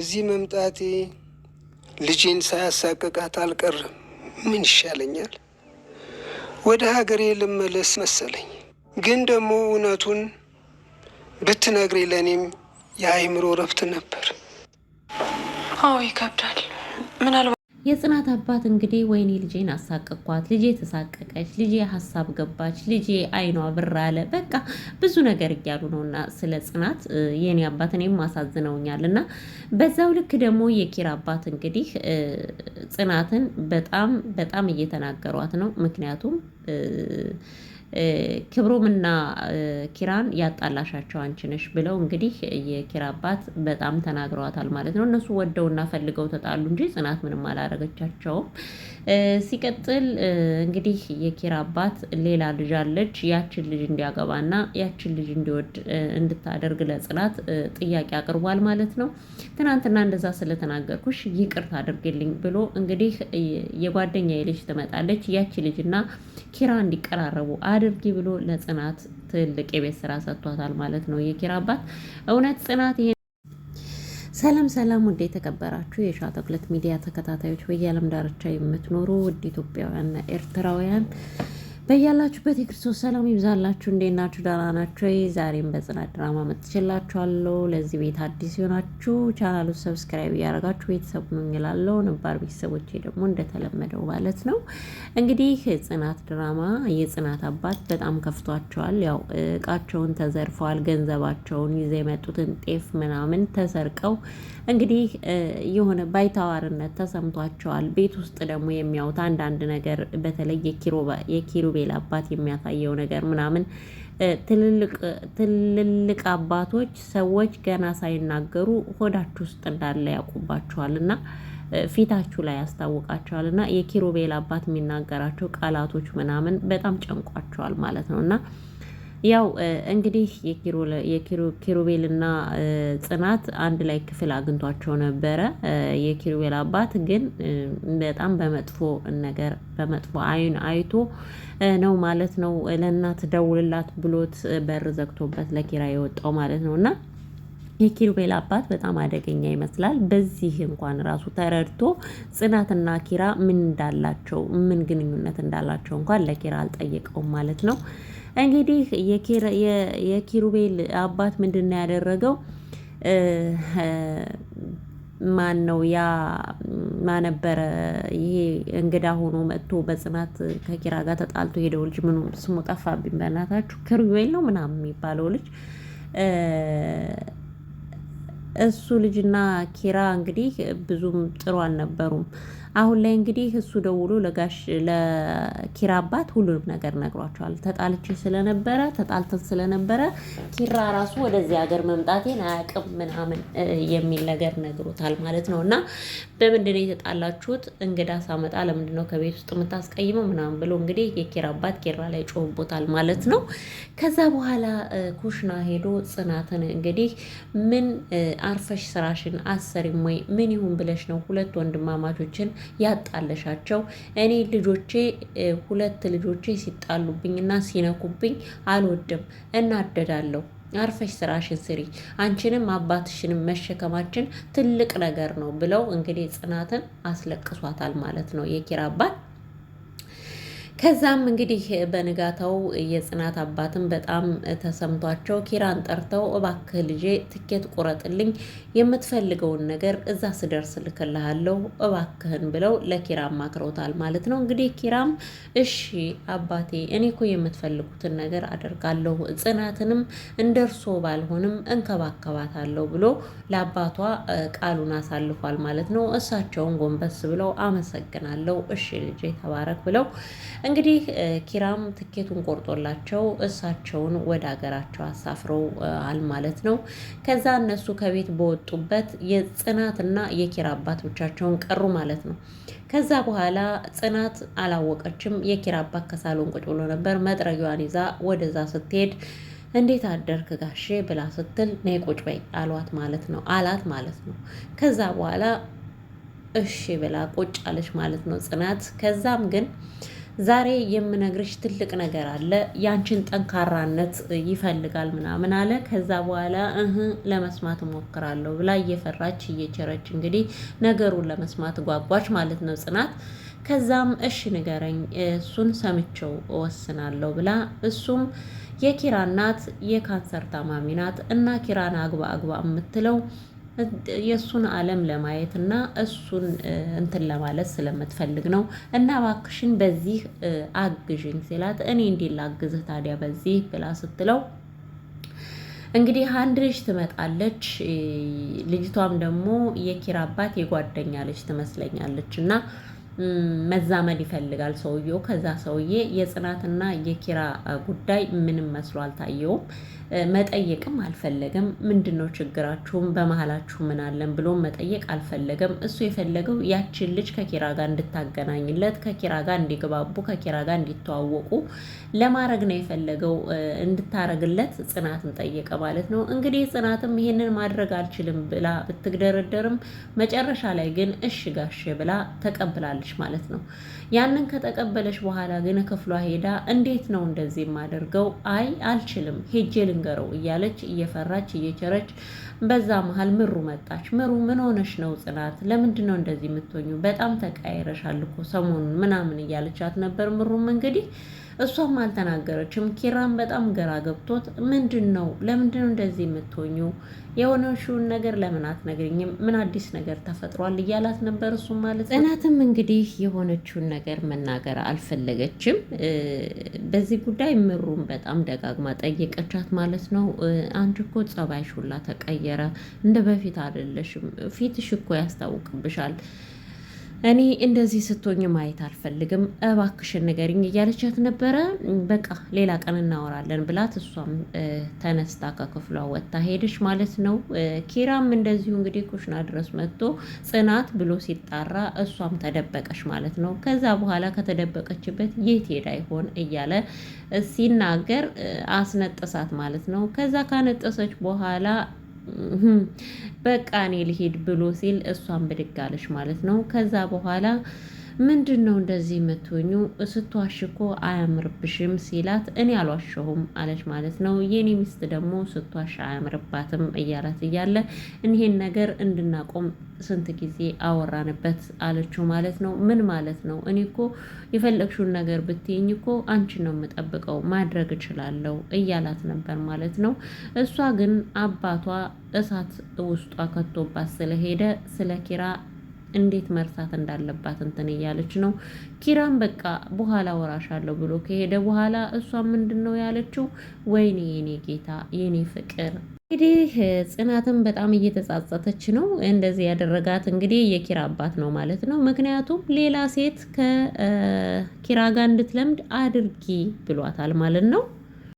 እዚህ መምጣቴ ልጄን ሳያሳቅቃት አልቀርም። ምን ይሻለኛል? ወደ ሀገሬ ልመለስ መሰለኝ። ግን ደግሞ እውነቱን ብትነግሬ ለእኔም የአእምሮ እረፍት ነበር። አዎ ይከብዳል ምናልባት የጽናት አባት እንግዲህ ወይኔ ልጄን አሳቀኳት፣ ልጄ ተሳቀቀች፣ ልጄ ሀሳብ ገባች፣ ልጄ አይኗ ብር አለ፣ በቃ ብዙ ነገር እያሉ ነው። እና ስለ ጽናት የኔ አባት እኔም አሳዝነውኛል። እና በዛው ልክ ደግሞ የኪራ አባት እንግዲህ ጽናትን በጣም በጣም እየተናገሯት ነው። ምክንያቱም ክብሩምና ኪራን ያጣላሻቸው አንቺ ነሽ ብለው እንግዲህ የኪራ አባት በጣም ተናግረዋታል ማለት ነው። እነሱ ወደውና ፈልገው ተጣሉ እንጂ ጽናት ምንም አላረገቻቸውም። ሲቀጥል እንግዲህ የኪራ አባት ሌላ ልጅ አለች ያችን ልጅ እንዲያገባና ያችን ልጅ እንዲወድ እንድታደርግ ለጽናት ጥያቄ አቅርቧል ማለት ነው። ትናንትና እንደዛ ስለተናገርኩሽ ይቅርታ አድርግልኝ ብሎ እንግዲህ የጓደኛ ልጅ ትመጣለች ያቺ ልጅና ኪራ እንዲቀራረቡ አ። አድርጊ ብሎ ለጽናት ትልቅ የቤት ስራ ሰጥቷታል ማለት ነው የኪራ አባት። እውነት ጽናት ይሄ ሰላም ሰላም፣ ውድ የተከበራችሁ የሻተኩለት ሚዲያ ተከታታዮች፣ በየዓለም ዳርቻ የምትኖሩ ውድ ኢትዮጵያውያንና ኤርትራውያን በያላችሁበት የክርስቶስ ሰላም ይብዛላችሁ። እንዴት ናችሁ? ደህና ናችሁ? ዛሬም በጽናት ድራማ መጥቼላችኋለሁ። ለዚህ ቤት አዲስ ሲሆናችሁ ቻናሉ ሰብስክራይብ እያደረጋችሁ ቤተሰቡ ነው ነባር ቤተሰቦቼ ደግሞ እንደተለመደው ማለት ነው እንግዲህ ጽናት ድራማ የጽናት አባት በጣም ከፍቷቸዋል። ያው እቃቸውን ተዘርፈዋል። ገንዘባቸውን ይዘ የመጡትን ጤፍ ምናምን ተሰርቀው እንግዲህ የሆነ ባይታዋርነት ተሰምቷቸዋል። ቤት ውስጥ ደግሞ የሚያዩት አንዳንድ ነገር በተለይ የኪሮ ኪሩቤል አባት የሚያሳየው ነገር ምናምን ትልልቅ አባቶች ሰዎች ገና ሳይናገሩ ሆዳችሁ ውስጥ እንዳለ ያውቁባችኋል እና ፊታችሁ ላይ ያስታውቃቸዋል እና የኪሩቤል አባት የሚናገራቸው ቃላቶች ምናምን በጣም ጨንቋቸዋል ማለት ነው እና ያው እንግዲህ የኪሩቤልና ጽናት አንድ ላይ ክፍል አግኝቷቸው ነበረ። የኪሩቤል አባት ግን በጣም በመጥፎ ነገር በመጥፎ አይን አይቶ ነው ማለት ነው ለእናት ደውልላት ብሎት በር ዘግቶበት ለኪራ የወጣው ማለት ነው እና የኪሩቤል አባት በጣም አደገኛ ይመስላል። በዚህ እንኳን ራሱ ተረድቶ ጽናትና ኪራ ምን እንዳላቸው ምን ግንኙነት እንዳላቸው እንኳን ለኪራ አልጠየቀውም ማለት ነው። እንግዲህ የኪሩቤል አባት ምንድን ነው ያደረገው? ማን ነው ያ ማነበረ ይሄ እንግዳ ሆኖ መጥቶ በጽናት ከኪራ ጋር ተጣልቶ ሄደው ልጅ ምኑ ስሙ ጠፋብኝ፣ በእናታችሁ ኪሩቤል ነው ምናምን የሚባለው ልጅ እሱ ልጅና ኪራ እንግዲህ ብዙም ጥሩ አልነበሩም። አሁን ላይ እንግዲህ እሱ ደውሎ ለጋሽ ለኪራ አባት ሁሉንም ነገር ነግሯቸዋል። ተጣልቼ ስለነበረ ተጣልተን ስለነበረ ኪራ ራሱ ወደዚህ ሀገር መምጣቴን አያውቅም ምናምን የሚል ነገር ነግሮታል ማለት ነው። እና በምንድን ነው የተጣላችሁት? እንግዳ ሳመጣ ለምንድን ነው ከቤት ውስጥ የምታስቀይመው? ምናምን ብሎ እንግዲህ የኪራ አባት ኪራ ላይ ጮህቦታል ማለት ነው። ከዛ በኋላ ኩሽና ሄዶ ጽናትን እንግዲህ ምን አርፈሽ ስራሽን አሰሪም ወይ ምን ይሁን ብለሽ ነው ሁለት ወንድማማቾችን ያጣለሻቸው። እኔ ልጆቼ ሁለት ልጆቼ ሲጣሉብኝና ሲነኩብኝ አልወድም፣ እናደዳለሁ። አርፈሽ ስራሽን ስሪ፣ አንቺንም አባትሽንም መሸከማችን ትልቅ ነገር ነው ብለው እንግዲህ ጽናትን አስለቅሷታል ማለት ነው የኪራ አባት ከዛም እንግዲህ በንጋታው የጽናት አባትም በጣም ተሰምቷቸው ኪራን ጠርተው እባክህ ልጄ ትኬት ቁረጥልኝ፣ የምትፈልገውን ነገር እዛ ስደርስ ልክልሃለሁ እባክህን ብለው ለኪራም ማክረውታል ማለት ነው። እንግዲህ ኪራም እሺ አባቴ እኔ እኮ የምትፈልጉትን ነገር አደርጋለሁ፣ ጽናትንም እንደ እርሶ ባልሆንም እንከባከባታለሁ ብሎ ለአባቷ ቃሉን አሳልፏል ማለት ነው። እሳቸውን ጎንበስ ብለው አመሰግናለሁ፣ እሺ ልጄ ተባረክ ብለው እንግዲህ ኪራም ትኬቱን ቆርጦላቸው እሳቸውን ወደ ሀገራቸው አሳፍረዋል ማለት ነው። ከዛ እነሱ ከቤት በወጡበት የጽናትና የኪራ አባት ብቻቸውን ቀሩ ማለት ነው። ከዛ በኋላ ጽናት አላወቀችም። የኪራ አባት ከሳሎን ቁጭ ብሎ ነበር። መጥረጊዋን ይዛ ወደዛ ስትሄድ እንዴት አደርክ ጋሼ ብላ ስትል ነይ ቁጭ በይ አሏት ማለት ነው አላት ማለት ነው። ከዛ በኋላ እሺ ብላ ቁጭ አለች ማለት ነው ጽናት ከዛም ግን ዛሬ የምነግርሽ ትልቅ ነገር አለ፣ ያንቺን ጠንካራነት ይፈልጋል ምናምን አለ። ከዛ በኋላ እህ ለመስማት እሞክራለሁ ብላ እየፈራች እየቸረች እንግዲህ ነገሩን ለመስማት ጓጓች ማለት ነው ጽናት። ከዛም እሺ ንገረኝ፣ እሱን ሰምቼው እወስናለሁ ብላ እሱም የኪራ እናት የካንሰር ታማሚ ናት እና ኪራን አግባ አግባ የምትለው የእሱን ዓለም ለማየት እና እሱን እንትን ለማለት ስለምትፈልግ ነው። እና እባክሽን በዚህ አግዥኝ ሲላት እኔ እንዴት ላግዝህ ታዲያ በዚህ ብላ ስትለው እንግዲህ አንድ ልጅ ትመጣለች። ልጅቷም ደግሞ የኪራ አባት የጓደኛ ልጅ ትመስለኛለች እና መዛመድ ይፈልጋል ሰውየው። ከዛ ሰውዬ የጽናትና የኪራ ጉዳይ ምንም መስሎ አልታየውም። መጠየቅም አልፈለገም። ምንድን ነው ችግራችሁም በመሀላችሁ ምን አለን ብሎ መጠየቅ አልፈለገም። እሱ የፈለገው ያችን ልጅ ከኪራ ጋር እንድታገናኝለት፣ ከኪራ ጋር እንዲግባቡ፣ ከኪራ ጋር እንዲተዋወቁ ለማድረግ ነው የፈለገው። እንድታረግለት ጽናትን ጠየቀ ማለት ነው። እንግዲህ ጽናትም ይሄንን ማድረግ አልችልም ብላ ብትግደረደርም መጨረሻ ላይ ግን እሽ ጋሽ ብላ ተቀብላለች። ትችላለች ማለት ነው። ያንን ከተቀበለች በኋላ ግን ክፍሏ ሄዳ እንዴት ነው እንደዚህ የማደርገው? አይ አልችልም፣ ሄጄ ልንገረው እያለች እየፈራች እየቸረች፣ በዛ መሀል ምሩ መጣች። ምሩ ምን ሆነሽ ነው ጽናት? ለምንድን ነው እንደዚህ የምትሆኙ? በጣም ተቃይረሻል እኮ ሰሞኑን ምናምን እያለቻት ነበር ምሩም እንግዲህ እሷም አልተናገረችም። ኪራም በጣም ግራ ገብቶት ምንድን ነው ለምንድን ነው እንደዚህ የምትሆኙ የሆነሽውን ነገር ለምን አትነግሪኝም? ምን አዲስ ነገር ተፈጥሯል? እያላት ነበር እሱ ማለት ነው። ጽናትም እንግዲህ የሆነችውን ነገር መናገር አልፈለገችም። በዚህ ጉዳይ ምሩን በጣም ደጋግማ ጠየቀቻት ማለት ነው። አንቺ እኮ ጸባይሽ ሁላ ተቀየረ፣ እንደ በፊት አይደለሽም፣ ፊትሽ እኮ ያስታውቅብሻል እኔ እንደዚህ ስትሆኝ ማየት አልፈልግም፣ እባክሽን ንገሪኝ እያለቻት ነበረ። በቃ ሌላ ቀን እናወራለን ብላት እሷም ተነስታ ከክፍሏ ወጥታ ሄደች ማለት ነው። ኪራም እንደዚሁ እንግዲህ ኩሽና ድረስ መጥቶ ጽናት ብሎ ሲጣራ እሷም ተደበቀች ማለት ነው። ከዛ በኋላ ከተደበቀችበት የት ሄዳ ይሆን እያለ ሲናገር አስነጥሳት ማለት ነው። ከዛ ካነጠሰች በኋላ በቃ እኔ ልሄድ ብሎ ሲል እሷን ብድግ አለች ማለት ነው። ከዛ በኋላ ምንድን ነው እንደዚህ የምትሆኙ? ስትዋሽ እኮ አያምርብሽም ሲላት እኔ አልዋሸሁም አለች ማለት ነው። የኔ ሚስት ደግሞ ስትዋሽ አያምርባትም እያላት እያለ እኒሄን ነገር እንድናቆም ስንት ጊዜ አወራንበት አለችው ማለት ነው። ምን ማለት ነው? እኔ እኮ የፈለግሽውን ነገር ብትይኝ እኮ አንቺ ነው የምጠብቀው ማድረግ እችላለሁ እያላት ነበር ማለት ነው። እሷ ግን አባቷ እሳት ውስጧ ከቶባት ስለሄደ ስለ ኪራ እንዴት መርሳት እንዳለባት እንትን እያለች ነው። ኪራም በቃ በኋላ ወራሻለሁ ብሎ ከሄደ በኋላ እሷ ምንድን ነው ያለችው? ወይኔ የኔ ጌታ የኔ ፍቅር እንግዲህ ጽናትን በጣም እየተጻጸተች ነው። እንደዚህ ያደረጋት እንግዲህ የኪራ አባት ነው ማለት ነው። ምክንያቱም ሌላ ሴት ከኪራ ጋር እንድትለምድ አድርጊ ብሏታል ማለት ነው።